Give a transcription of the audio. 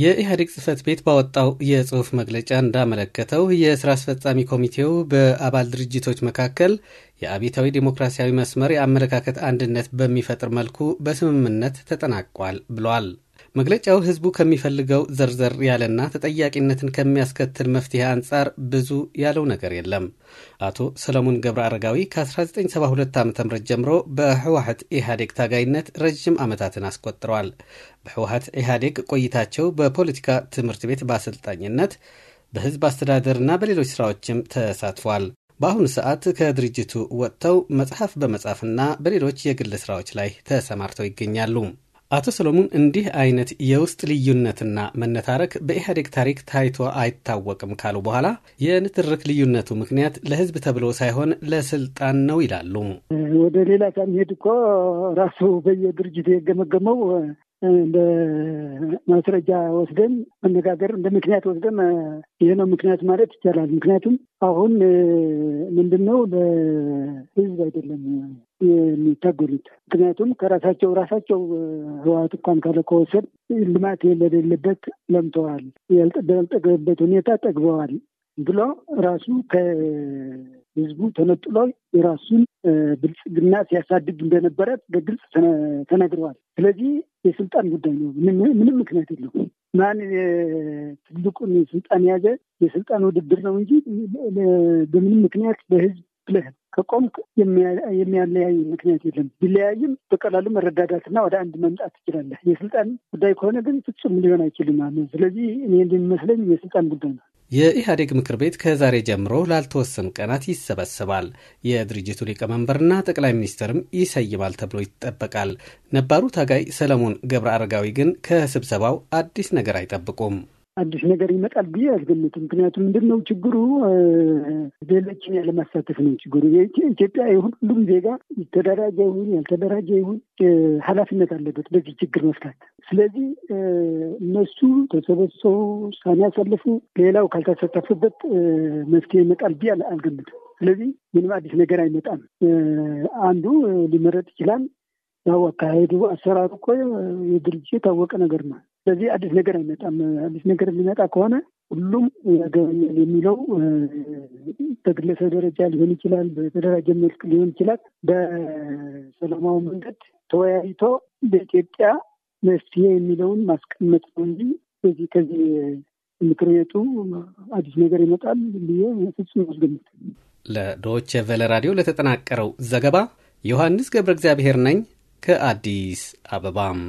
የኢህአዴግ ጽህፈት ቤት ባወጣው የጽሑፍ መግለጫ እንዳመለከተው የሥራ አስፈጻሚ ኮሚቴው በአባል ድርጅቶች መካከል የአብዮታዊ ዴሞክራሲያዊ መስመር የአመለካከት አንድነት በሚፈጥር መልኩ በስምምነት ተጠናቋል ብሏል። መግለጫው ህዝቡ ከሚፈልገው ዘርዘር ያለና ተጠያቂነትን ከሚያስከትል መፍትሄ አንጻር ብዙ ያለው ነገር የለም። አቶ ሰለሞን ገብረ አረጋዊ ከ1972 ዓ ም ጀምሮ በህወሀት ኢህአዴግ ታጋይነት ረዥም ዓመታትን አስቆጥረዋል። በህወሀት ኢህአዴግ ቆይታቸው በፖለቲካ ትምህርት ቤት በአሰልጣኝነት በህዝብ አስተዳደርና በሌሎች ስራዎችም ተሳትፏል። በአሁኑ ሰዓት ከድርጅቱ ወጥተው መጽሐፍ በመጻፍና በሌሎች የግል ስራዎች ላይ ተሰማርተው ይገኛሉ። አቶ ሰሎሞን እንዲህ አይነት የውስጥ ልዩነትና መነታረክ በኢህአዴግ ታሪክ ታይቶ አይታወቅም ካሉ በኋላ የንትርክ ልዩነቱ ምክንያት ለህዝብ ተብሎ ሳይሆን ለስልጣን ነው ይላሉ። ወደ ሌላ ሳንሄድ እኮ ራሱ በየድርጅቱ የገመገመው በማስረጃ ወስደን መነጋገር እንደ ምክንያት ወስደን ይህ ነው ምክንያት ማለት ይቻላል። ምክንያቱም አሁን ምንድን ነው ለህዝብ አይደለም የሚታገሉት። ምክንያቱም ከራሳቸው ራሳቸው ህወሓት እንኳን ካለ ከወሰድ ልማት የሌለበት ለምተዋል፣ ያልጠገበበት ሁኔታ ጠግበዋል ብሎ ራሱ ህዝቡ ተነጥሎ የራሱን ብልጽግና ሲያሳድግ እንደነበረ በግልጽ ተነግረዋል። ስለዚህ የስልጣን ጉዳይ ነው፣ ምንም ምክንያት የለውም። ማን ትልቁን ስልጣን የያዘ የስልጣን ውድድር ነው እንጂ በምንም ምክንያት በህዝብ ብለህ ከቆምክ የሚያለያይ ምክንያት የለም። ቢለያይም በቀላሉ መረዳዳትና ወደ አንድ መምጣት ትችላለህ። የስልጣን ጉዳይ ከሆነ ግን ፍጹም ሊሆን አይችልም። ስለዚህ እኔ እንደሚመስለኝ የስልጣን ጉዳይ ነው። የኢህአዴግ ምክር ቤት ከዛሬ ጀምሮ ላልተወሰኑ ቀናት ይሰበሰባል። የድርጅቱ ሊቀመንበርና ጠቅላይ ሚኒስትርም ይሰይማል ተብሎ ይጠበቃል። ነባሩ ታጋይ ሰለሞን ገብረ አረጋዊ ግን ከስብሰባው አዲስ ነገር አይጠብቁም። አዲስ ነገር ይመጣል ብዬ አልገምትም። ምክንያቱም ምንድን ነው ችግሩ ሌሎችን ያለማሳተፍ ነው ችግሩ። ኢትዮጵያ ሁሉም ዜጋ ተደራጀ ይሁን ያልተደራጀ ይሁን ኃላፊነት አለበት በዚህ ችግር መፍታት። ስለዚህ እነሱ ተሰበሰቡ ውሳኔ ያሳልፉ፣ ሌላው ካልተሳተፈበት መፍትሄ ይመጣል ብዬ አልገምትም። ስለዚህ ምንም አዲስ ነገር አይመጣም። አንዱ ሊመረጥ ይችላል። ያው አካሄዱ አሰራሩ እኮ የድርጅት የታወቀ ነገር ነው። ስለዚህ አዲስ ነገር አይመጣም። አዲስ ነገር የሚመጣ ከሆነ ሁሉም ያገበኛል የሚለው በግለሰብ ደረጃ ሊሆን ይችላል፣ በተደራጀ መልክ ሊሆን ይችላል። በሰላማዊ መንገድ ተወያይቶ በኢትዮጵያ መፍትሄ የሚለውን ማስቀመጥ ነው እንጂ በዚህ ከዚህ ምክር ቤቱ አዲስ ነገር ይመጣል ብዬ ፍጹም አልገምትም። ለዶች ቨለ ራዲዮ ለተጠናቀረው ዘገባ ዮሐንስ ገብረ እግዚአብሔር ነኝ ከአዲስ አበባም